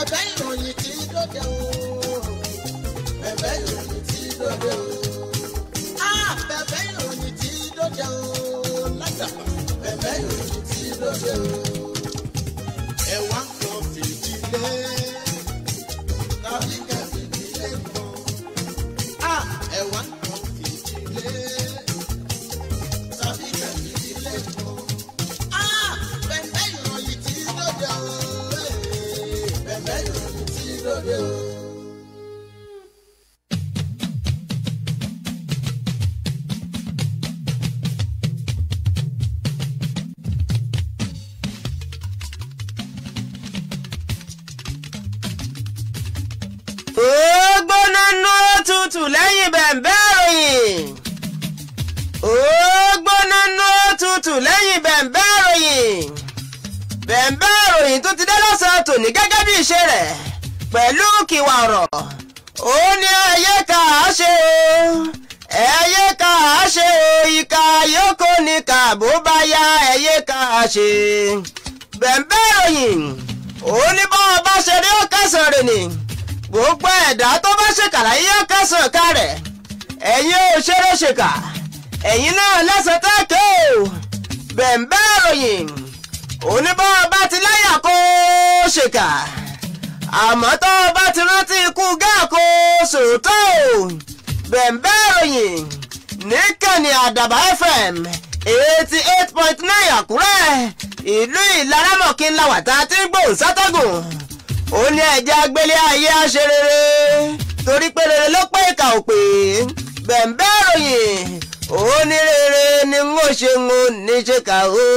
bẹ̀bẹ̀ ìròyìn tí dòde o bẹ̀bẹ̀ ìròyìn tí dòde o ah bẹ̀bẹ̀ ìròyìn tí dòde o lágbàá bẹ̀bẹ̀ ìròyìn tí dòde o. ẹ̀ ń bá ìròyìn tó ti dé lọ́sàn-án tòní gẹ́gẹ́ bí ìṣe rẹ̀ pẹ̀lú kìwà ọ̀rọ̀ ó ní ẹyẹ ká a ṣe o ẹyẹ ká a ṣe o ìka yòókù ní ká bó ẹyẹ ká ṣe bẹ̀ǹbẹ̀ ìròyìn ó ní bá a ṣe rí ọ̀kẹ́sàn rẹ̀ ni gbogbo ẹ̀dá tó bá ṣèkàlà yí ọ̀kẹ́sàn ká rẹ̀ ẹ̀yin ò ṣeré ṣèkà ẹ̀yin náà lẹ́sẹ̀ tẹ́kẹ́ o bẹ̀ǹbẹ̀ ìròyìn oníbọ̀ ọba ti láyà kó ṣèkà àmọ́ tó ọba ti rántí ikú gáà kó sòótọ́ bẹ̀m̀bẹ́ ìròyìn níkànnì àdàbà FM eighty eight point nine àkúrẹ́ ìlú ìlaramọ̀kí ńláwà tá a ti ń gbòòrùn sátọ́gùn ó ní ẹ̀jẹ̀ agbélé ayé aṣerere torí pé rere ló pé ìkà òpè bẹ̀m̀bẹ́ ìròyìn ó ní rere ni n ó ṣe ń ó ní ṣe kà ó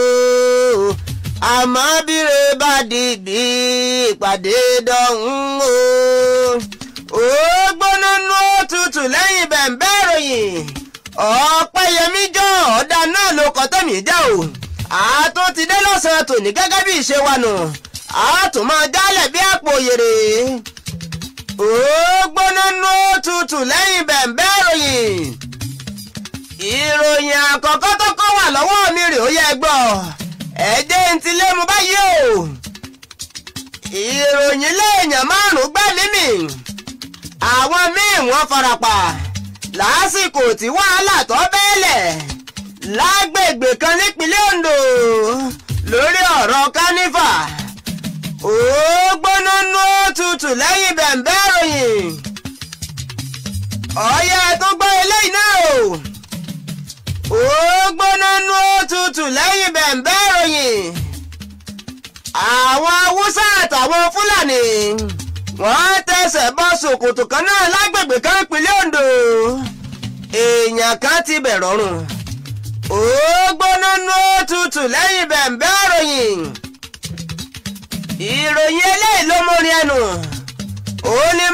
àmọ́ bíre bá dìbì ìpàdé dọ̀hún o. ó gbóná nú òtútù lẹ́yìn bẹ̀ǹbẹ́ ròyìn ọ̀pẹ́yẹmí jọ ọ̀dà náà ló kọ́ tẹ̀mí já o. àtún ti dé lọ́sàn-án tòní gẹ́gẹ́ bí ìṣe wa nù àtún máa jálẹ̀ bí àpò yèrè. ó gbóná nú òtútù lẹ́yìn bẹ̀ǹbẹ́ ròyìn. ìròyìn àkọ́kọ́ tó kọ́ wà lọ́wọ́ mi rè ó yẹ gbọ́ ẹ̀ẹ́dẹ́ ń tilé mu báyìí o ìròyìn léèyàn márùn-ún gbẹ̀mí mi àwọn míì wọ́n farapa lásìkò tí wàhálà tó bẹ́ẹ̀lẹ̀ lágbègbè kan nípínlẹ̀ Ondo lórí ọ̀rọ̀ kánífà ó gbóná nú òtútù lẹ́yìn bẹ̀ǹbẹ́ ròyìn ọ̀yẹ́ tó gbọ́ eléyìí náà o ó tútù lẹ́yìn bẹ̀ǹbẹ́ ìròyìn àwọn haúsá àtàwọn fúlàní wọ́n tẹsẹ̀ bọ́ ṣòkòtò kan náà lágbègbè kan ìpínlẹ̀ Ondo èèyàn kan ti bẹ̀ rọrùn ó gbóná lẹ́yìn ìròyìn eléyìí ló ẹnu ó ní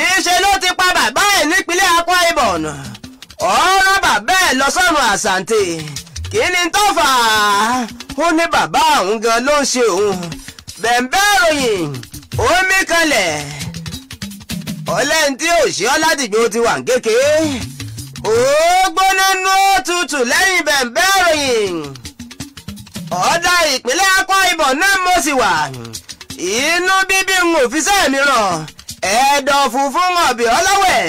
ìṣe ló ti pa bàbá ẹ̀ nípínlẹ̀ Akwa Ibom ọ̀rọ̀ bàbá ẹ̀ lọ sọ́run àsàǹtè kí ni tó fà á ó ní bàbá òun gan ló ń ṣe òun bẹ̀ǹbẹ́ omi ọlẹ́ni tí ti wà ń nú lẹ́yìn ọ̀dà ìpínlẹ̀ Akwa náà n ẹ̀ẹ́dọ̀ funfun ọ̀bì ọlọ́wẹ̀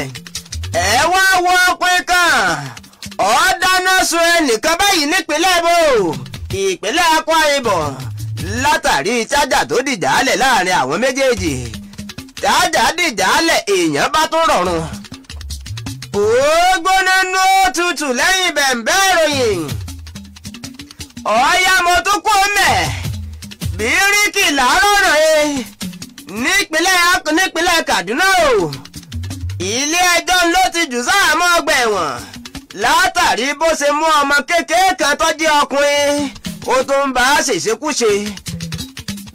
ẹ̀ wá wọ pín kan ọ̀ dáná ẹnìkan báyìí nípínlẹ̀ bò ìpínlẹ̀ Akwa Ibom látàrí tájà tó dìjàálẹ̀ láàrin àwọn méjèèjì tájà dìjàálẹ̀ èèyàn bá tún ògbóná nú òtútù lẹ́yìn bẹ̀m̀bẹ́ ìròyìn ọ̀ọ́yá mo tún kú bíríkì làárọ̀ nípínlẹ̀ nípínlẹ̀ Kaduna o ilé ẹjọ́ ló ti jù sáàmọ́ ọgbà ẹ̀wọ̀n látàrí bó ṣe mú ọmọ kékeré kan tó jẹ́ ọkùnrin ó tún ń bá a ṣèṣekúṣe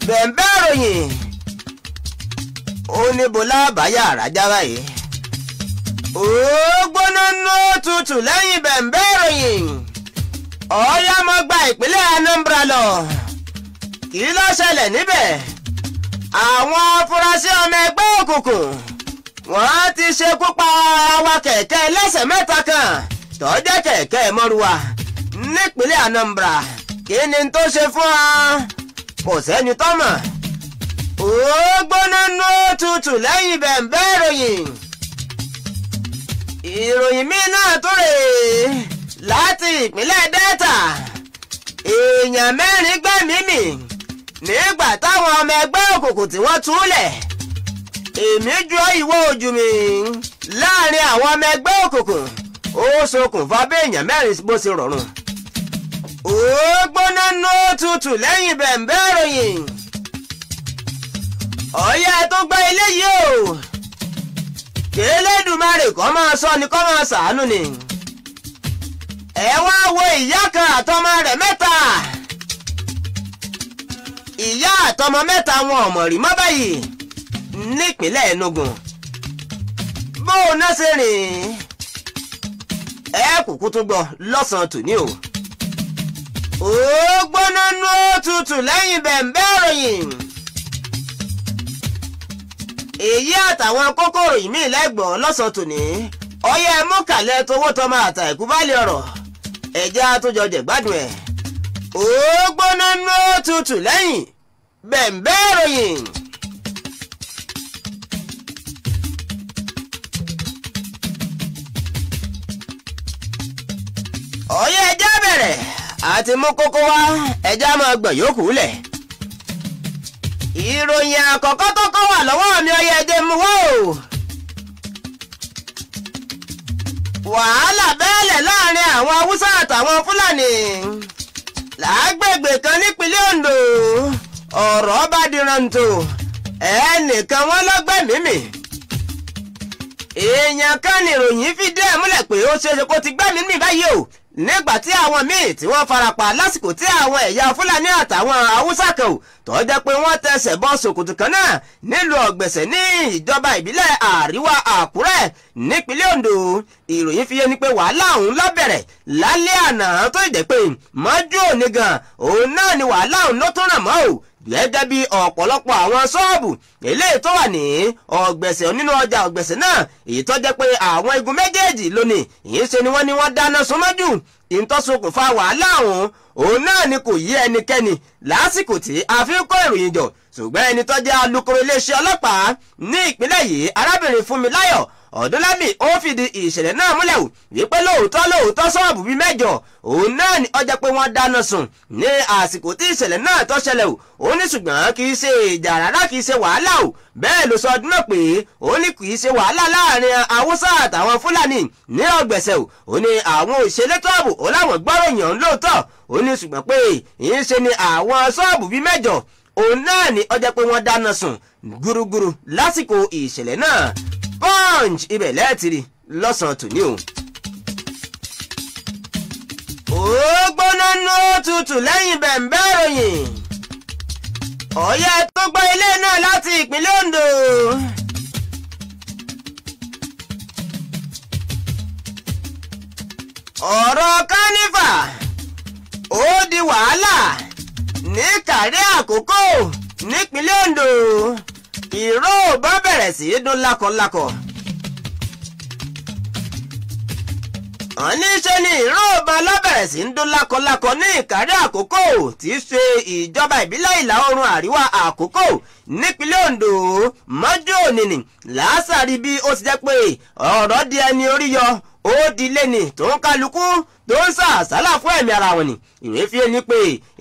bẹ̀ẹ̀bẹ́ ròyìn ó ní bọ́lá àbáyá àràjá báyìí ó gbóná nú tutù lẹ́yìn bẹ̀ẹ̀bẹ́ ròyìn ọ̀ọ́yá mọ́ gba ìpínlẹ̀ Anambra lọ kí ló ṣẹlẹ̀ níbẹ̀. àwọn afurasí ọmọ ẹgbẹ́ òkùnkùn wọ́n ti ṣekú pa àwa kẹ̀kẹ́ ẹlẹ́sẹ̀ mẹ́ta kan tó jẹ́ kẹ̀kẹ́ mọ́rúwa nípínlẹ̀ Anambra kí ni tó ṣe fún ọ kò sẹ́ni tó mọ̀ ó gbóná nú tutù lẹ́yìn bẹ̀ǹbẹ́ ìròyìn ìròyìn míì náà tó rè láti ìpínlẹ̀ Delta èèyàn mẹ́rin gbẹ̀mí mì. nígbà táwọn ọmọ ẹgbẹ́ òkùnkùn tí wọ́n túlẹ̀ èmi dúró ìwọ ojú mi láàrin àwọn ọmọ ẹgbẹ́ òkùnkùn ó ṣokùnfà béèyàn mẹ́rin bó ṣe rọrùn ó gbóná nú tutù lẹ́yìn bẹ̀ǹbẹ̀ ìròyìn ọ̀yà tó gbá eléyìí o kélédùmarè kọ́ máa sọ ni kọ́ máa ṣàánú ni ẹ wá wo ìyá kan àtọmọ rẹ̀ mẹ́ta. àtọmọ mẹ́ta wọn ọ̀mọ̀rì mọ́ báyìí nípínlẹ̀ Enugu bó o ná ṣe rìn ẹ kúkú tó gbọ lọ́sàn-án o ó gbóná nú lẹ́yìn bẹ̀m̀bẹ́ ìròyìn èyí àtàwọn kókó lẹ́gbọ̀n lọ́sàn-án tòní ọyẹ mú kàlẹ́ ọ̀rọ̀ ẹ̀já tó bẹ̀m̀bẹ́ ìròyìn. ọ̀yẹ́ ẹja bẹ̀rẹ̀ àti mú kókó wá ẹja máa gbọ̀n yòókù lẹ̀. ìròyìn àkọ́kọ́ tó kọ́ wà lọ́wọ́ mi ọ̀yẹ́ ẹdẹ mú wá o. wàhálà bẹ́ẹ̀lẹ̀ láàrin àwọn haúsá àtàwọn fúlàní lágbègbè kan nípínlẹ̀ Ondo ọ̀rọ̀ bá di rántó ẹnìkan wọn lọ́gbẹ́ mímì èèyàn kan nìròyìn fi dé múlẹ̀ pé ó ṣeéṣe kó ti gbẹ́mìí mì báyìí o nígbà tí àwọn míì tí wọ́n farapa lásìkò tí àwọn ẹ̀yà fúlàní àtàwọn haúsá kan ò tó jẹ́ pé wọ́n tẹsẹ̀ bọ́ ṣòkòtò kan náà nílùú ọ̀gbẹ̀sẹ̀ ní ìjọba ìbílẹ̀ àríwá àkúrẹ́ nípínlẹ̀ ondo ìròyìn fi yé ni pé wàhálà ọ̀hún ló lálẹ́ àná tó ìdẹ́ mọ́jú òní gan òun náà ni wàhálà ọ̀hún ló tún ràn mọ́ ò gẹ́gẹ́ bí ọ̀pọ̀lọpọ̀ àwọn ṣọ́ọ̀bù eléyìí tó wà ní ọ̀gbẹ̀sẹ̀ nínú ọjà ọ̀gbẹ̀sẹ̀ náà èyí tó jẹ́ pé àwọn igun méjèèjì lónìí ìyẹn ni wọ́n ní wọ́n dáná súnmọ́jù ìtọ́sokùnfà wàhálà ọ̀hún òun náà ni kò yí ẹnikẹ́ni lásìkò tí a fi ń kó ìròyìn jọ ṣùgbọ́n ẹni tó jẹ́ alukoro iléeṣẹ́ ọlọ́pàá ní ìpínlẹ̀ yìí arábìnrin Fúnmiláyọ̀ ọ̀dúnlábì ó fìdí ìṣẹ̀lẹ̀ náà múlẹ̀ wípé lóòótọ́ lóòótọ́ ṣọ́ọ̀bù bíi mẹ́jọ òun náà ni ọjọ́ pé wọ́n dáná sùn ní àsìkò tí ìṣẹ̀lẹ̀ náà tó ṣẹlẹ̀ o ó ní ṣùgbọ́n kì í ṣe ìjà rárá kì í ṣe wàhálà o bẹ́ẹ̀ ló sọ ọdún náà pé ó ní kì í ṣe wàhálà láàrin haúsá àtàwọn fúlàní ní ọ̀gbẹ̀sẹ̀ o ó ní àwọn òṣèlétò ààbò ó láwọn gbọ́ròyìn ọ̀hún lóòótọ́ ó ní ṣùgbọ́n pé ìṣe ni àwọn ṣọ́ọ̀bù bíi mẹ́jọ punch ibẹ̀ lẹ́ẹ̀tìrì lọ́sàn-án tòní o. ó gbóná nú tutù lẹ́yìn bẹ̀ǹbẹ́ ìròyìn ọ̀yẹ́ tó gbọ́ ilé náà láti ìpínlẹ̀ Ondo. ọ̀rọ̀ kánífà ó di wàhálà ní kàrí àkókò nípínlẹ̀ Ondo ìró bá bẹ̀rẹ̀ sí í dún lákọ̀lákọ̀. àníṣe ni ìró ọba lábẹ̀rẹ̀ sí ń dún lákọlákọ ní ìkárẹ́ àkókò tí í ṣe ìjọba ìbílẹ̀ ìlà oòrùn àríwá àkókò nípínlẹ̀ Ondo mọ́jú ònìní làásàrí bí ó ti jẹ́ pé ọ̀rọ̀ di ẹni orí yọ ó di lẹ́ni tó ń kálukú tó ń sà sálà fún ẹ̀mí ara wọn ni ìwé fi ni pé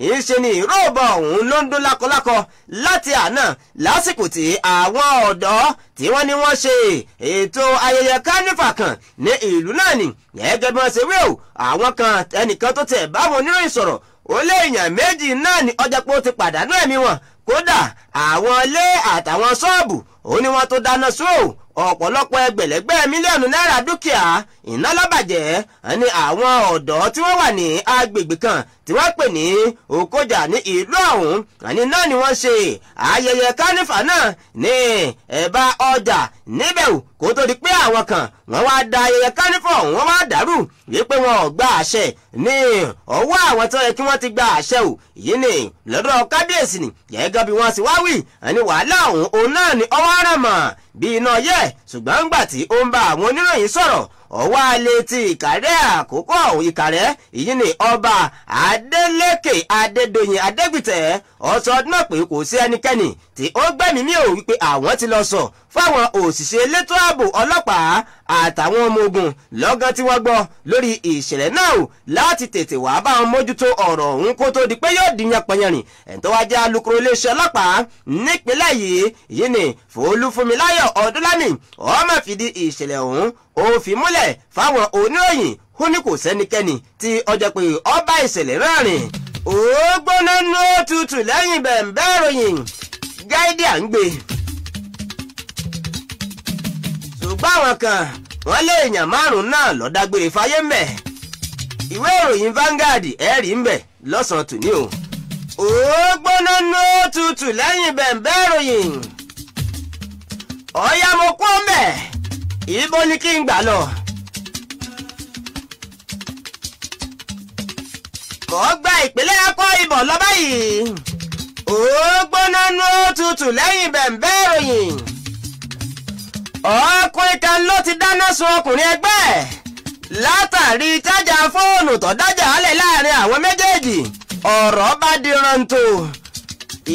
ìṣe ni ìrọ̀bọ̀ ọ̀hún ló ń dún lákọlákọ láti àná lásìkò tí àwọn ọ̀dọ́ tí wọ́n ní wọ́n ṣe ètò ayẹyẹ kánífà kan ní ìlú náà ni gẹ́gẹ́ bí wọ́n ṣe wí o àwọn kan ẹnìkan tó tẹ̀ báwọn oníròyìn sọ̀rọ̀ ó lé èèyàn méjì náà ní ọjà pé ó ti pàdánù ẹ̀mí wọn kódà àwọn ilé àtàwọn ṣọ́ọ̀bù ó ní wọ́n tó dáná sóò ọ̀pọ̀lọpọ̀ ẹgbẹ̀lẹ́gbẹ̀ mílíọ̀nù náírà dúkìá iná lọ́bàjẹ́ ní àwọn ọ̀dọ́ tí wọ́n wà ní agbègbè kan tí wọ́n pè ní Òkòjà ní ìlú ọ̀hún àní náà ni wọ́n ṣe ayẹyẹ kánífà náà ní ẹ̀bá ọjà níbẹ̀ kó tó di pé àwọn kan wọ́n wá da ayẹyẹ kánífà ọ̀hún wọ́n wá dàrú wípé wọn ò gba àṣẹ ní ọwọ́ àwọn tó yẹ kí wọ́n ti gba àṣẹ ò yìí ni lọ́dọ̀ kábíyèsí ni gẹ́gẹ́ bí wọ́n sì wá wí àní wàhálà ọ̀hún òun náà ni ọwọ́ rẹ̀ mọ̀ bí iná yẹ ṣùgbọ́n ńgbà tí ó ń bá àwọn oníròyìn sọ̀rọ̀ ọ̀wá alẹ́ ti ìkàrẹ́ àkókò ìkàrẹ́ ìyí ni ọba adélékè adédoyin adégbìtẹ́ ọ̀sọ́ ọdún náà pé kò sí ẹnikẹ́ni tí ó gbẹ̀mí mi ò wípé àwọn ti lọ sọ fáwọn òṣìṣẹ́ elétò ààbò ọlọ́pàá àtàwọn ọmọ ogun lọ́gán tí wọ́n gbọ́ lórí ìṣẹ̀lẹ̀ náà o láti tètè wá bá wọn mójútó ọ̀rọ̀ ọ̀hún kó tó di pé yóò di yan pẹ̀yẹ̀rìn ẹ̀ńtọ́ wájú alukoro iléeṣẹ́ ọlọ́pàá nípínlẹ̀ yìí yìí ni Fọlúfúnmiláyọ̀ Ọdúnlámì ọmọ fìdí ìṣẹ̀lẹ̀ ọ̀hún ó fi múlẹ̀ fáwọn oníròyìn ó ní kò sẹ́nikẹ́ni tí ọjọ́ pé ọba ìṣẹ̀lẹ̀ náà rìn ó gbóná nú lẹ́yìn bẹ̀ǹbẹ́ ìròyìn gáídì à ń gbé. ṣùgbọ́n àwọn kan wọ́n lé èèyàn márùn-ún náà lọ́dàgbére fáyé mbẹ̀ ìwé ìròyìn Vanguard ẹ̀rí mbẹ̀ lọ́sàn-án tòní o ó gbóná nú tutù lẹ́yìn bẹ̀ǹbẹ́ ìròyìn ọ̀yàmọ̀kú mbẹ̀. ibo ni kí n gbà lọ. kọ́ gba ìpínlẹ̀ akọ ìbọn lọ báyìí ó gbóná nú òtútù lẹ́yìn bẹ̀m̀bẹ́ ìròyìn ọkùnrin kan ló ti dáná sun ọkùnrin ẹgbẹ́ ẹ̀ látàrí tájà fóònù tó dájà alẹ̀ láàrin àwọn méjèèjì ọ̀rọ̀ bá di rántó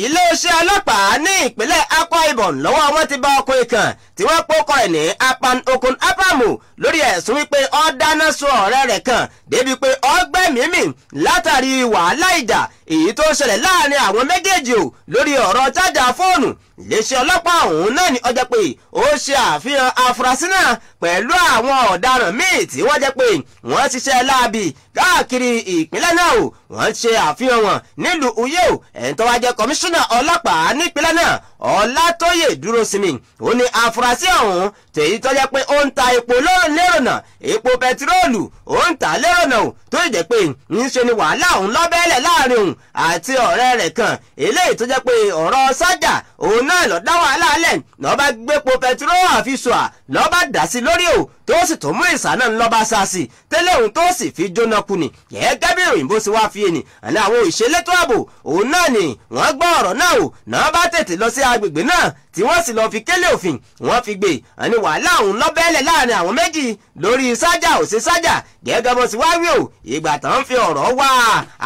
iléeṣẹ́ ọlọ́pàá ní ìpínlẹ̀ Akwa Ibom lọ́wọ́ wọn ti bá ọkùnrin kan tí wọ́n pokọ ẹ̀ ní apan okun apamu lórí ẹ̀sùn wípé ó dáná sun ọ̀rẹ́ rẹ̀ kan débi pé ó gbẹ̀mímì látàrí wàhálà ìjà èyí tó ṣẹlẹ̀ láàrin àwọn méjèèjì o lórí ọ̀rọ̀ chájà fóònù iléeṣẹ́ ọlọ́pàá ọ̀hún náà ni ó jẹ́ pé ó ṣe àfihàn afurasí náà pẹ̀lú àwọn ọ̀daràn míì tí wọ́n jẹ́ pé wọ́n ṣiṣẹ́ láabi káàkiri ìpínlẹ̀ náà o wọ́n ṣe àfihàn wọn nílùú Uyo ẹ̀ńtọ́wájẹ́ kọmíṣánná ọlọ́pàá nípínlẹ̀ náà ọlátóyè dúrósinmi ó ní afurasí ọ̀hún tèyí tó jẹ́ pé ó ń ta epo lérònà epo pẹtiróòlù ó ń tà lérònà ò tó jẹ́ pé ńṣe ni wàhálà òun lọ́bẹ̀ẹ́lẹ̀ láàrin òun àti ọ̀rẹ́ rẹ̀ kan eléyìí tó jẹ́ pé ọ̀rọ̀ sọ́jà òun náà ló dá wàhálà lẹ̀ ló bá gbépo pẹtiróòlù àfisùà ló bá dà sí lórí ò tó sì tún mú ìsà náà ńlọ́ba sásì tẹ́lẹ̀ òun tó sì fi jóná kú ni gẹ́gẹ́ bí ìròyìn bó ṣe wá fi ènì àní àwọn òṣèlétò ààbò òun náà ni wọ́n gbọ́ ọ̀rọ̀ náà wò náà bá tètè lọ sí agbègbè náà tí wọ́n sì lọ́ọ́ fi kélé òfin wọ́n fi gbé àní wàhálà ọ̀hún lọ́bẹ̀ẹ́lẹ̀ láàrin àwọn méjì lórí sájà ò sí sájà gẹ́gẹ́ bó sì wá wí o ìgbà tán fi ọ̀rọ̀ wá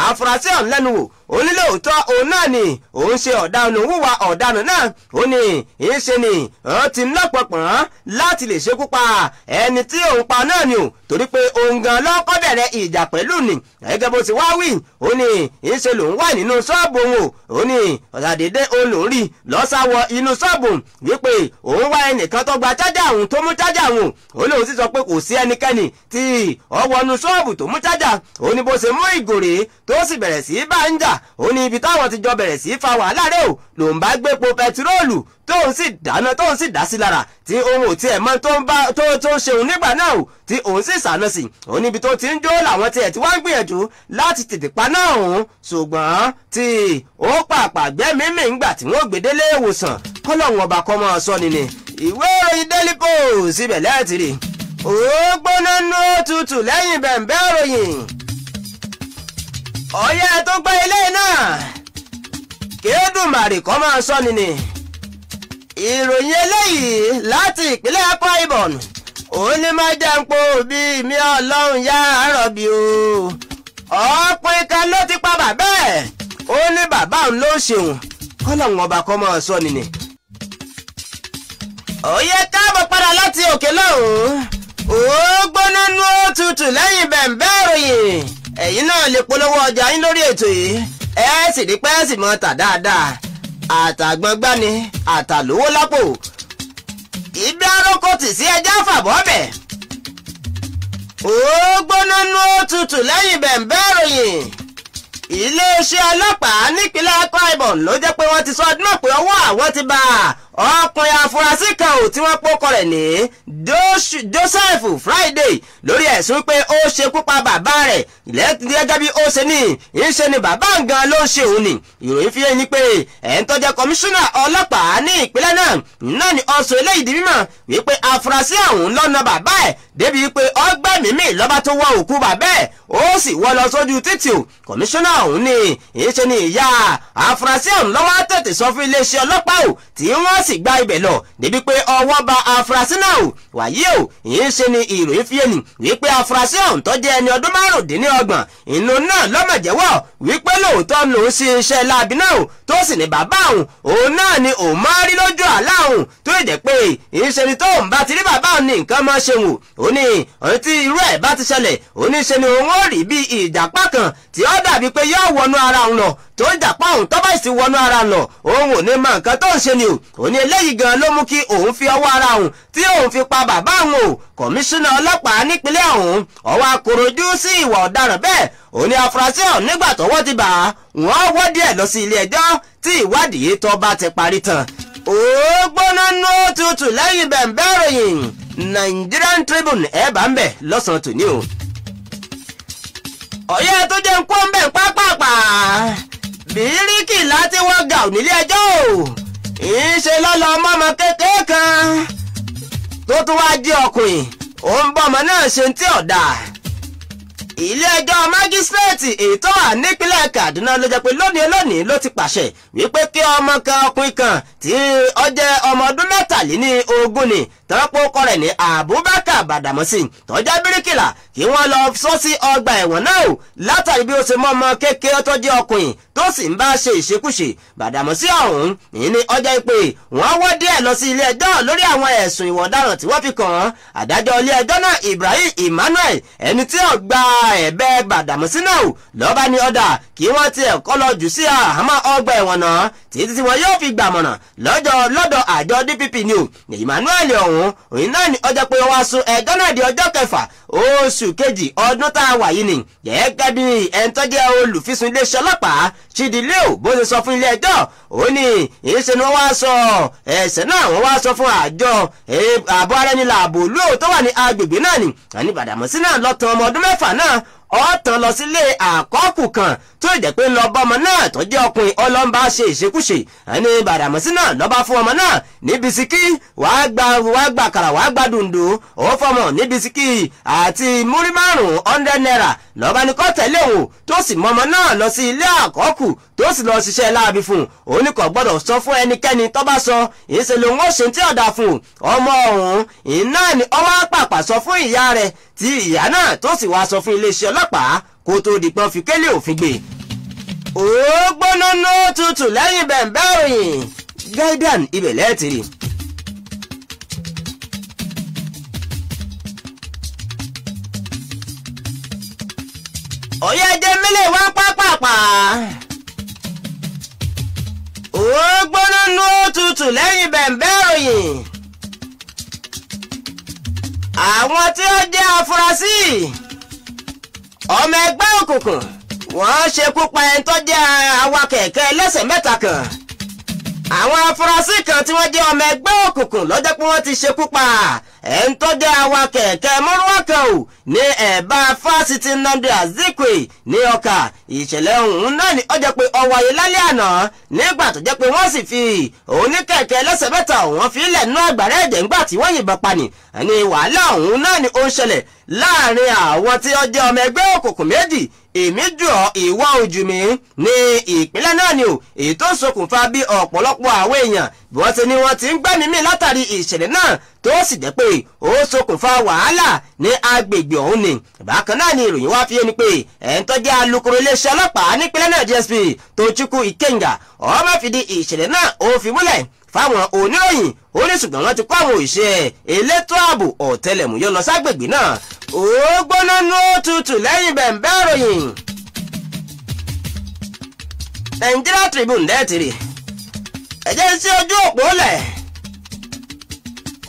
àfúrásì ọ̀hún lẹ́nu wò ó ní lóòótọ́ òun náà ni òun ṣe ọ̀daràn òun wúwa ọ̀daràn náà ó ní ìṣe ni òun ti ń lọ́pọ̀pọ̀n láti lè ṣekú pa ẹni tí òun pa náà ni o torí pé òun gan lọ́kọ́ bẹ̀rẹ̀ ìjà pẹ̀lú ni gẹ́gẹ́ bó ti wá ó ní ìṣe lòun wà nínú ṣọ́ọ̀bù òun ó ní ọ̀sàdédé òun lòún rí lọ́sàwọ̀ inú ṣọ́ọ̀bù wípé òun wá ẹnìkan tó gba chájà òun tó mú chájà òun ó lóun sì sọ pé kò sí ẹnikẹ́ni tí ọwọ́nu ṣọ́ọ̀bù tó mú chájà ó ní bó ṣe mú ìgòrè tó sì bẹ̀rẹ̀ sí í bá ń jà ó ní ibi táwọn ti jọ bẹ̀rẹ̀ sí í fa wàhálà rẹ̀ ò lòun bá gbépo pẹtiróòlù tóun sì dáná tóun sì dá sí lára tí òun ò tiẹ̀ mọ̀ tó ń ṣeun nígbà náà tí òun sì sànà sí òun níbi tó ti ń jó làwọn tiẹ̀ tí wọ́n ń gbìyànjú láti tètè paná òun ṣùgbọ́n tí ó pàpà gbẹ́mí mì ń gbà tí wọ́n gbèdélé ìwòsàn kọ́lọ́hún ọba kọ́ mọ́ ọ sọ nìní ìwé ìròyìn Daily Post ibẹ̀ lẹ́ẹ̀tì rì ó gbóná nú tutù lẹ́yìn bẹ̀ǹbẹ́ ìròyìn ọ̀yẹ́ tó gbé ilé náà kéédùmarè kọ́ máa sọ nìní ìròyìn eléyìí láti ìpínlẹ̀ Akwa Ibom ó ní má jẹ́ ń po òbí mi ọlọ́run yá àrọ̀bì o ọ̀pin kan ló ti pa bàbá ẹ̀ ó ní bàbá òun ló ṣeun kọ́lọ́hún ọba kọ́ mọ́ ọ sọ nìyẹn. òye káàbọ̀ padà láti òkè lọ́hùn-ún ó gbóná nú òtútù lẹ́yìn bẹ̀ǹbẹ́ ìròyìn ẹ̀yin náà lè polówó ọjà yín lórí ètò yìí ẹ sì rí pẹ́ẹ́sì mọ́ tà dáadáa àtàgbọ́n gbani àtàlówó lápò ìbí aróko tì sí ẹja fàbọ́bẹ̀. ó gbóná nú òtútù lẹ́yìn bẹ̀ǹbẹ́ ìròyìn iléeṣẹ́ ọlọ́pàá nípínlẹ̀ Akwa Ibom ló jẹ́ pé wọ́n ti sọ ọdún náà pé ọwọ́ àwọn ti bá a ọkùnrin afurasí kan ò tí wọ́n pókọ rẹ̀ ní Joseph Friday lórí ẹ̀sùn pé ó ṣekú pa bàbá rẹ̀ gẹ́gẹ́ bí ó ṣe ní ìṣe ni bàbá ngan ló ń ṣe òun ni ìròyìn fi yẹn ni pé ẹ̀ń tó jẹ́ kọmíṣánná ọlọ́pàá ní ìpínlẹ̀ náà náà ni ọ̀sọ̀ eléyìí di mímọ̀ wípé afurasí ọ̀hún lọ́nà bàbá ẹ̀ débi wípé ọgbẹ́ mímì lọ́ba tó wọ òkú bàbá ẹ̀ ó sì wọ́ lọ sójú títì o kọmíṣánná ọ̀hún ni ìṣe ni ìyá afurasí ọ̀hún lọ́wọ́ tètè sọ fún iléeṣẹ́ ọlọ́pàá o tí wọ́n sì gba ibẹ̀ lọ débi pé ọwọ́ bà afurasí náà wàyí o ìyẹn ṣe ni ìròyìn fi ẹnì wípé afurasí ọ̀hún tó jẹ́ ẹni ọdún márùndínlọ́gbọ̀n inú náà lọ́mọ̀jẹ́wọ́ wípé lóòótọ́ lòún sí iṣẹ́ láabi náà o tó sì ní bàbá òun òun náà ni òun máa rí lójú àlá òun tó jẹ́ pé ìṣe ni tóun bá ti rí bàbá òun ní nǹkan mọ́ ṣe wò ó ní ọ̀hún tí irú ẹ̀ bá ti ṣẹlẹ̀ ó ní ṣe ni òun ó rí bí ìjàpá kan tí ó dàbí pé yóò wọnú ara òun lọ tó jàpá òun tó bá sì wọnú ara lọ òun ò ní mọ nǹkan tó ń ṣe ni o òun ni eléyìí gan ló mú kí òun fi ọwọ́ ara òun tí òun fi pa bàbá àwọn o kọmíṣánná ọlọ́pàá nípínlẹ̀ ọ̀hún ọwọ́ akorojú sí ìwà ọ̀daràn bẹ́ẹ̀ òní afurasí ọ̀hún nígbà tọ́wọ́ ti bà á wọ́n wọ́ díẹ̀ lọ sí ilé ẹjọ́ tí ìwádìí tó bá ti parí tán. ó gbóná nú tutù lẹ́yìn bẹ̀ǹbẹ̀ ròyìn Nigerian Tribune ẹ̀ bá ń bẹ̀ lọ́sàn-án tòní o. ọ̀yẹ́ tó jẹ́ ń kó ń bẹ̀ pápápá bíríkì láti wọ́n gà ò nílé ẹjọ́ o. ìṣe lọ́lọ́ ọmọ ọmọ kékeré kan tó tún wáá jẹ́ ọkùnrin òun bọ́mọ náà ṣe ń tí ọ̀dà ilé ẹjọ́ májísírèètì èyí tó wà nípínlẹ̀ Kaduna ló jẹ́ pé lónìí lónìí ló ti pàṣẹ wípé kí ọmọ kan ọkùnrin kan tí ó jẹ́ ọmọ ọdún mẹ́tàléní ogún ni tọ́pọ̀ kọ́ rẹ̀ ní Abubakar Badamasi tọ́jà bíríkìlà kí wọ́n lọ sọ sí ọgbà ẹ̀wọ̀n náà o látàrí bí ó ṣe mọ́ ọmọ kékeré tó jẹ́ ọkùnrin tó sì ń bá ṣe ìṣekúṣe Badamasi ọ̀hún ní ní ọjọ́ ìpè wọ́n wọ́ díẹ̀ lọ sí ilé ẹjọ́ lórí àwọn ẹ̀sùn ìwà ọ̀daràn tí wọ́n fi kàn án adájọ́ ilé ẹjọ́ náà Ibrahim Emmanuel ẹni tí ó gba ẹ̀bẹ̀ Badamasi náà ló bá ni ọ̀dà kí wọ́n tiẹ̀ kọ́ lọ jù sí àhámọ́ àná títí tí wọn yóò fi gbàmọ̀ràn lọ́jọ́ lọ́dọ̀ àjọ DPP ni o Emmanuel ọ̀hún òun náà ni ọjọ́ pé wọ́n sún ẹjọ́ náà di ọjọ́ kẹfà oṣù kejì ọdún tá a wà yìí ni gẹ́gẹ́ bí ẹni tó jẹ́ olùfisùn iléeṣẹ́ ọlọ́pàá Chidileo bó ṣe sọ fún ilé ẹjọ́ ó ní ìṣe ni wọ́n wá sọ ẹ̀sẹ̀ náà wọ́n wá sọ fún àjọ àbọ̀ ara làbò lóò tó wà ní agbègbè náà ni àní Bàdàmọ́sí náà lọ́tàn ọmọ ọdún mẹ́fà náà ọ̀tàn lọ sílé àkọ́kù kan tó jẹ́ pé lọ bá ọmọ náà tó jẹ́ ọkùnrin ọlọ́mbà ṣe ìṣekúṣe ẹni bàdàmọ́sí náà lọ́ba fún ọmọ náà ní bisikí wàá gba wàá gba kàrà wàá gba dùndù ó fọmọ ní bisikí àti múrí márùn-ún hundred naira lọ́ba ni kọ́ tẹ̀lé òun tó sì mọ ọmọ náà lọ sí ilé àkọ́kù tó sì lọ́ọ́ ṣiṣẹ́ láabi fún un òun ní kò gbọ́dọ̀ sọ fún ẹnikẹ́ni tó bá sọ ìṣe lòun ó ṣe tí ọ̀dà fún un ọmọ ọ̀hún iná ni ọwọ́ pàpà sọ fún ìyá rẹ̀ tí ìyá náà tó sì wá sọ fún iléeṣẹ́ ọlọ́pàá kó tó dìpọ́n fi kélé òfin gbé. ó gbóná lẹ́yìn bẹ̀ǹbẹ́ òyìn gaidan ibẹ̀ lẹ́ẹ̀tìrì. ọ̀yẹ́ jẹ́ mílẹ̀ wá pápápá. kùtùkùtù lẹ́yìn bẹ̀ǹbẹ́ ìròyìn àwọn tí ó jẹ́ afurasí ọmọ ẹgbẹ́ òkùnkùn wọ́n ṣekú pa ẹni tó jẹ́ awa kẹ̀kẹ́ ẹlẹ́sẹ̀ mẹ́ta kan àwọn afurasí kan tí wọ́n jẹ́ ọmọ ẹgbẹ́ òkùnkùn lọ́jọ́ pé wọ́n ti ṣekú pa ẹni tó jẹ́ awa kẹ̀kẹ́ mọ́rúwá kan o ní ẹ̀bá fásitì Nnamdi Azikiwe ní ọkà ìṣẹ̀lẹ̀ ọ̀hún náà ni ó jẹ́ pé ó wáyé lálẹ́ àná nígbà tó jẹ́ pé wọ́n sì fi oníkẹ̀kẹ́ lẹ́sẹ̀ mẹ́ta wọ́n fi ilẹ̀ nú àgbàrá ẹ̀jẹ̀ ńgbà tí wọ́n yìnbọn pa ni ní wàhálà ọ̀hún náà ni ó ń ṣẹlẹ̀ láàrin àwọn tí ó jẹ́ ọmọ ẹgbẹ́ òkùnkùn méjì èmi jù ọ ìwọ ojú mi ní ìpínlẹ̀ náà ni o èyí tó ṣokùnfà bí ọ̀pọ̀lọpọ̀ àwọn èèyàn bí wọ́n ti ní wọ́n ti ń gbẹ́mìí mì látàrí ìṣẹ̀lẹ̀ náà tó sì jẹ́ pé ó ṣokùnfà wàhálà ní agbègbè ọ̀hún ni bákan náà ni ìròyìn wá fi ẹni pé ẹ̀ń tó jẹ́ alukoro iléeṣẹ́ ọlọ́pàá nípínlẹ̀ náà DSP Tochukwu Ikenga ọmọ fìdí ìṣẹ̀lẹ̀ náà ó fi múlẹ̀ fáwọn oníròyìn ó ní ṣùgbọ́n wọ́n ti kó àwọn òṣìṣẹ́ elétò ààbò ọ̀tẹlẹ̀múyẹ́ lọ ságbègbè náà ó gbóná nú tutù lẹ́yìn bẹ̀ǹbẹ́ ìròyìn Nigeria Tribune dẹ́ẹ̀tìrì ẹ̀jẹ̀ sí ojú òpó lẹ̀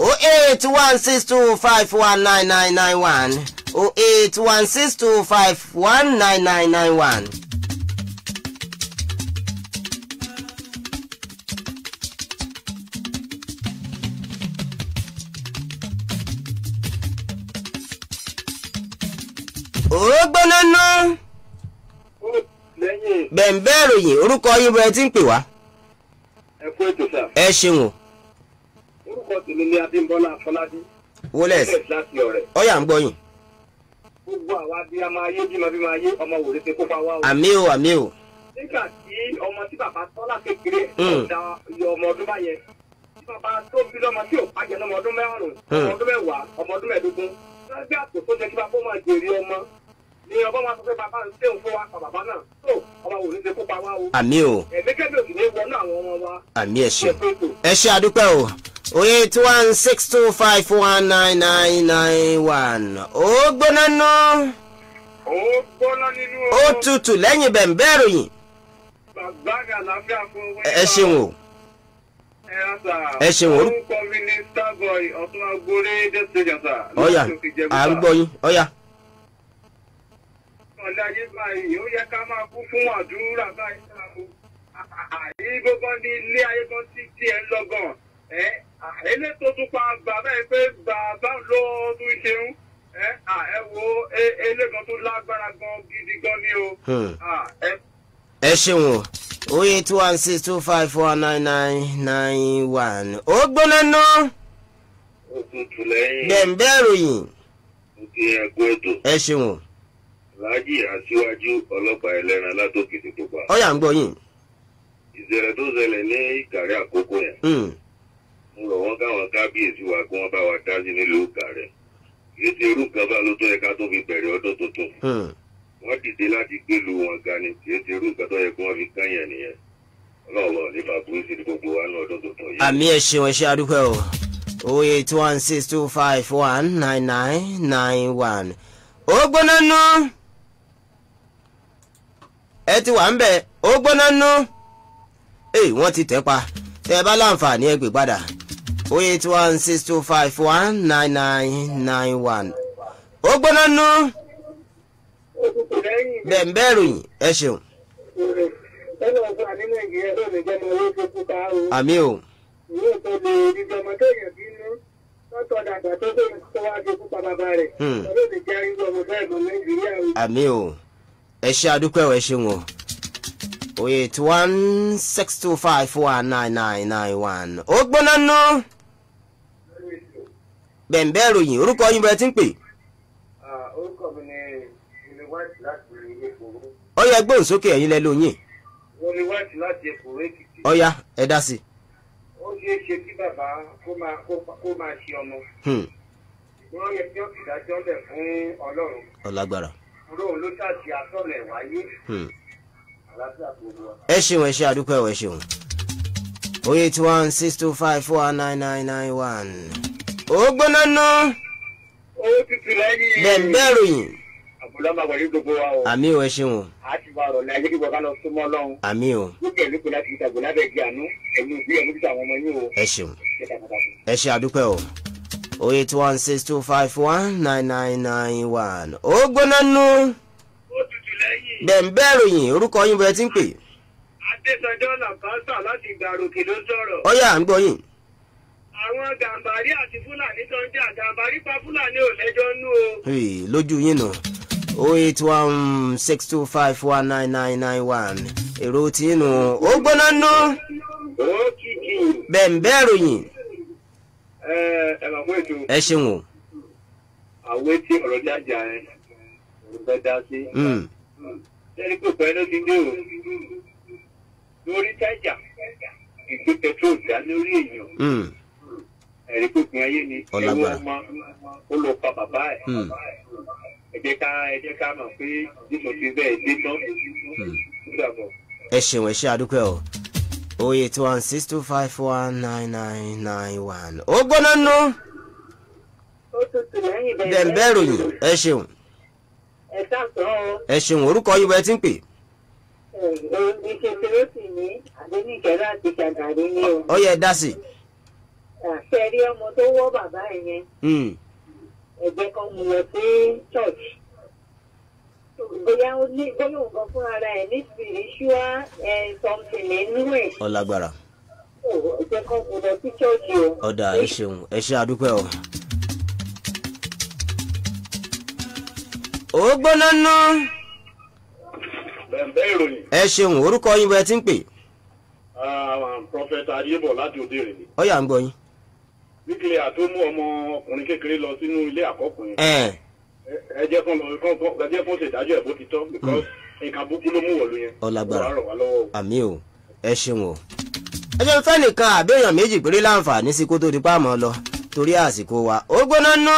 Oh eight one 08162519991 08162519991. òrógbóná ná. bẹ̀ǹbẹ́ ìròyìn orúkọ yín bẹ̀rẹ̀ tí ń pè wá. ẹ kú ètò sá. ẹ ṣeun o orúkọ tèmi ni Abímbọ́lá Afọlábí. wọlé ọyà ń gbọyìn. gbogbo àwa bí a máa yé bí máa bí máa yé ọmọ wòlé ti kópa wá o. àmì o àmì o. nígbà tí ọmọ tí bàbá tọ́lá kékeré hmm. ọ̀dà ọmọ ọdún bá tí bàbá tó bí lọ́mọ tí ò pàjẹ́ lọ́mọ ọdún mẹ́rùn-ún hmm. ọmọ ọdún mẹ́wàá ọmọ ọdún mẹ́ẹ̀ẹ́dógún lábẹ́ àpò tó jẹ́ kí bàbá ó máa jèrè ọmọ ni ọba wa sọ pé bàbá ń tẹ̀ ń àmì o. àmì ẹ ṣé àdúpẹ́ o oye oh two one six two five one nine nine nine one ó gbóná ná. ó gbóná nínú. ó tutù lẹ́yìn bẹ̀m̀bẹ́ ròyìn. bàbá mi àlàáfíà fún wẹ́ẹ́. ẹ ṣeun o ẹ ṣeun orúkọ mi ni starboy ọtún agbórí dẹ́sítẹ́jà sá. à ń gbọ́ yín ọ̀ya ọ̀dà ayé báyìí ó yẹ ká máa kú fún àdúrà báyìí ṣáàbù àyè gbogbo ní ilé ayé kan sí tiẹ̀ lọ́gàn ẹ̀ elétò tún pa bàbá ẹ pé bàbá ló tún ṣeun ẹ wo e, elégan tó lágbára gan gidi gan ni o. Hmm. ẹ ṣeun o oye two one six two five four nine nine nine one ó gbóná ná. òkùnkùn lẹ́yìn. bẹ́ẹ̀ bẹ́ẹ̀ ròyìn. òkè ẹ̀gbọ́n ètò. ẹ ṣeun o. Láàjì Aṣíwájú ọlọ́pàá ẹlẹ́ran látòkìtì tó pa. Ọ̀yà ń gbọ́ yìí? Ìṣẹ̀lẹ̀ tó ṣẹlẹ̀ ní Ìkàrẹ́ àkókò yẹn. Hmm. Mo rọ̀ wọ́n káwọn kábíyèsí wa kí wọ́n bá wa dá sí nílùú ṣe irú bá ló fi bẹ̀rẹ̀ ọdún tuntun. Hmm. Wọ́n dìde láti wọn ga ni ṣe irú tó yẹ kí wọ́n fi nìyẹn. ní gbogbo wa o. ẹ ti wà ń ó gbóná nú èyí ti tẹ̀ pa tẹ́ ẹ bá láǹfààní ẹ padà oh eight one six two five one nine nine nine one ó gbóná nú ń bẹ́ẹ̀ ròyìn ẹ ṣeun. àmì o. Hmm. Hmm. ẹ ṣe àdúpẹ́ ẹ ṣe oye eight one six two five four nine nine nine one ó gbóná ná bẹ̀ǹbẹ̀ ròyìn orúkọ yín bẹ̀rẹ̀ tí ń pè. orúkọ mi ni wọlé wáìtì láti èkóró. ọyá gbóhùn sókè ẹ̀yin lẹ lóyìn. wọlé wáìtì láti èkóró èkìtì. ọyá ẹ dá sí. ó ṣeé ṣe kí bàbá kó máa ṣe ọmọ. wọ́n hmm. yẹ kí ó ti dájọ́ lẹ̀ fún ọlọ́run. ọlágbára. Hmm. ẹ ṣeun ẹ ṣe àdúpẹ́ ẹ ṣeun o oh eight one six two five four nine nine nine one. ó gbóná ná. ó tutù lẹ́yìn. bẹ́ẹ̀ bẹ́ẹ̀ ròyìn ọlọ́mọ wọlé gbogbo wa o. àmì o ẹ ṣeun. a ti wá ọ̀rọ̀ láyé kíkọ́ ká lọ súnmọ́ lọ́hùn. àmì o. lókè lókè láti ìtàgé lábẹ́ ìgbé àánú ẹ̀mí òbí ẹ̀mí títà àwọn ọmọ yín o. ẹ ṣeun ẹ ṣe àdúpẹ́ o eight one six two five one nine nine nine one. ó gbóná nú. ó tutù lẹ́yìn. bẹ̀ǹbẹ́ ìròyìn orúkọ yín bẹ́ẹ̀ ti ń pè. adésanjọ́ làbáṣà láti ìgbàròkè ló sọ̀rọ̀. ó yá à ń gbọ́ yín. àwọn gàǹbàrí àti fúlàní tó ń jà gàǹbàrí pa fúlàní ò lẹ́jọ́ nú o. lójú yín nù o eight one six two five one nine nine nine one èrò tí nù ó gbóná nú. ó tutù. bẹ̀ǹbẹ́ ìròyìn ẹ ṣeun o. àwọn etí ọ̀rọ̀ jájà ẹ ọ̀rọ̀ fẹ́ dá sí. ẹni hmm. pé pẹ́ ló ti dé o lórí tájà ìgbé pẹtrol dá lórí èèyàn hmm. ẹ̀rí pòpin ayé ni ẹ̀wọ́ ọmọ ó lọ pa bàbá ẹ̀ hmm. ẹ jẹ́ ká ẹ jẹ́ ká mọ̀ pé jésù ti bẹ́ẹ̀ dé tán. ẹ ṣeun ẹ ṣe àdúpẹ́ o eight one six two five one nine nine nine one. ó gbóná nú. ó tutù ròyìn ẹ ṣeun. ẹ ṣeun orúkọ yìí bẹ́ẹ̀ ti ń pè. ni o. ó yẹ dá sí. àṣẹ rí ọmọ tó wọ́ bàbá yẹn. Hmm. ẹ̀jẹ̀ kan mú lọ sí church bóyá ó ní bóyá òun kan fún ara ẹ̀ ní spiritual something nínú ẹ̀. ọ̀làgbàrà. ọ̀jẹ̀ kan kò lọ sí ṣọ́ọ̀ṣì o. ọ̀dà ẹ ṣeun ẹ ṣe àdúpẹ́ o. ó gbóná ná. bẹ̀m̀bẹ̀ ìròyìn. ẹ ṣeun orúkọ yín bẹ́ẹ̀ ti ń pè. Ah, prọfẹ̀tà adébọ̀ láti òde rèé. ọ̀yà ń gbọ́ yín. bíkìlì àtó mú ọmọ ọkùnrin kékeré lọ sínú ilé àkọ́kùnrin. ẹ jẹ́ kán lọ ẹ hmm. méjì péré láǹfààní sí tó di lọ torí àsìkò wa ó ná.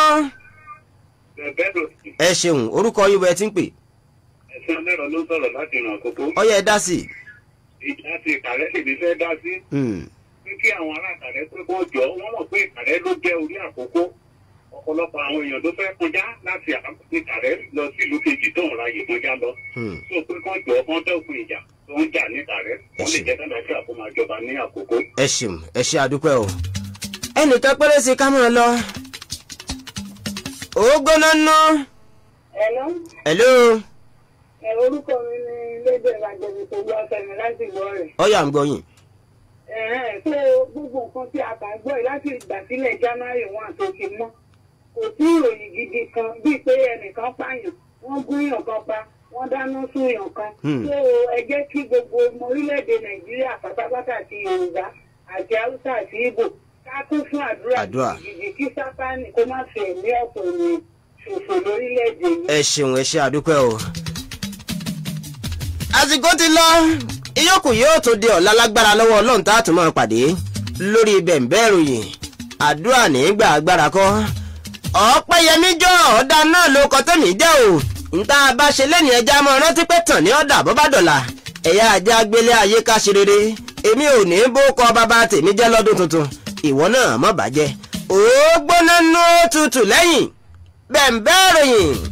ẹ ṣeun orúkọ yín ti ń pè. ẹ̀sìn ló sọ̀rọ̀ láti ràn ọyẹ ẹ dá sí ìjà ti ìkàrẹ́ fẹ́ dá hmm. jọ wọ́n mọ̀ pé ìkàrẹ́ ló jẹ́ orí ọ̀pọ̀lọpọ̀ àwọn èèyàn ló fẹ́ kọjá láti àkàrẹ́ lọ sí ìlú kejì tó ń ra ìkọjá lọ. Hmm. tó o pé kán jọ ọkàn dẹ́kun ìjà tó ń jà níkàrẹ́ wọ́n lè jẹ́ kálàfíà kó máa jọba ní àkókò. ẹ ṣeun ẹ ṣe àdúpẹ́ o. ẹnì kan péré sí ká máa lọ. ó gbóná ná. hello. hello. ẹ orúkọ mi ni lébè làjẹbí tó gbọ́ fẹ́mi láti gbọ́ rẹ̀. ọ̀yà ń gbọ́ yín ṣé gbogbo nǹkan tí a kà ń gbọ́ láti ìgbà sílẹ̀ january one tó ti mọ́ gidi kan bíi pé ẹnìkan pààyàn wọ́n gún yàn kan pa wọ́n dáná sun yàn kan. Hmm. so ẹ jẹ́ kí gbogbo ọmọ orílẹ̀-èdè nàìjíríà pátápátá àti yorùbá àti haúsá àti ìgbò ká kún fún àdúrà gidi kí sáfáàní kó má fi ẹ̀mí ọ̀pọ̀ ènìyàn ṣòfò lórílẹ̀-èdè yìí. ẹ ṣeun ẹ ṣe àdúpẹ́ o. àsìkò ti lọ ìyókù yóò tó di ọ̀la lágbára lọ́wọ́ ọlọ́run tá a tún máa pàdé lórí bẹ̀ǹbẹ̀ ìròyìn àdúrà nígbà agbára kọ́. ọ̀pẹ́yẹmí jọ ọ̀dà náà ló kọ tẹ́mi jẹ́ o nta bá ṣe lẹ́nu ẹja mọ́ rántí pé tàn ní ọ̀dà bó bá dọ̀là ẹ̀yà ajá gbélé ayé ká ṣe rere èmi ò ní bó kọ bàbá tèmi jẹ́ lọ́dún tuntun ìwọ náà mọ̀ bàjẹ́ ó gbóná nú tutù lẹ́yìn bẹ́ẹ̀ bẹ́ẹ̀ ròyìn.